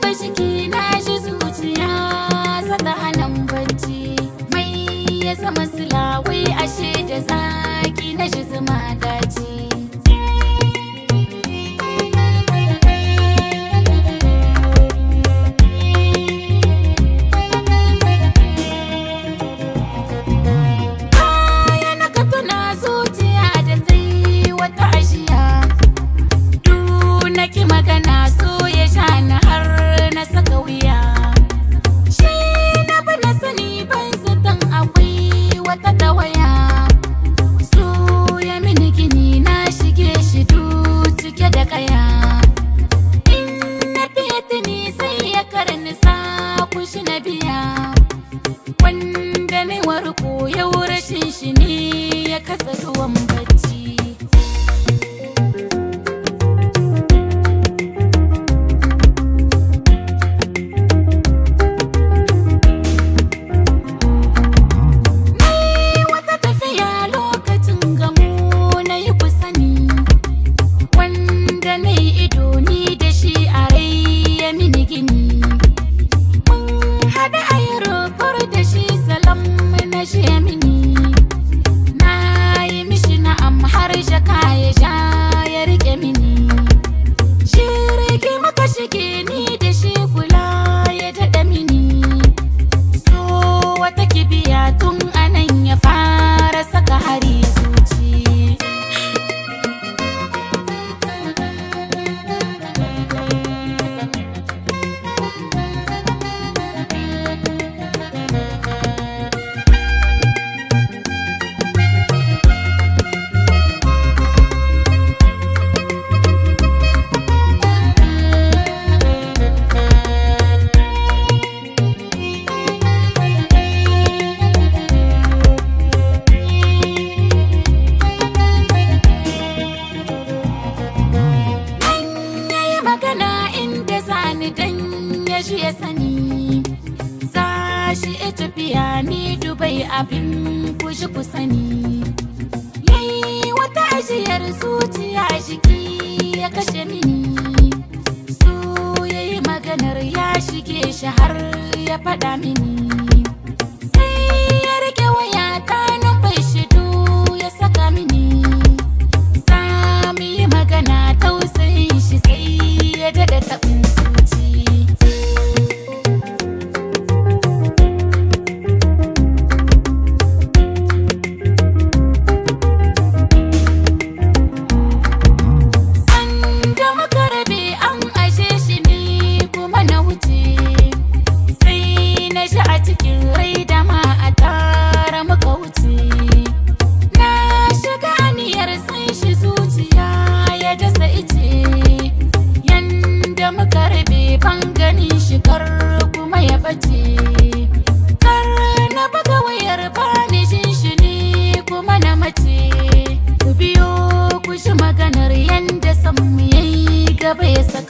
but she keeps. Cause there's a woman wani dan ya shi ya sani za shi e tafiya ni dubai abin kushi ku sani yayi wata ajiyar zuciya jiki ya kashe mini su yayi maganar ya shige shi har ya faɗa mini kan shi kar kuma ya bace kar na buga wayar bani shinshini kuma na mace ku biyo ku shi maganar yanda san mu yayi gaba ya saka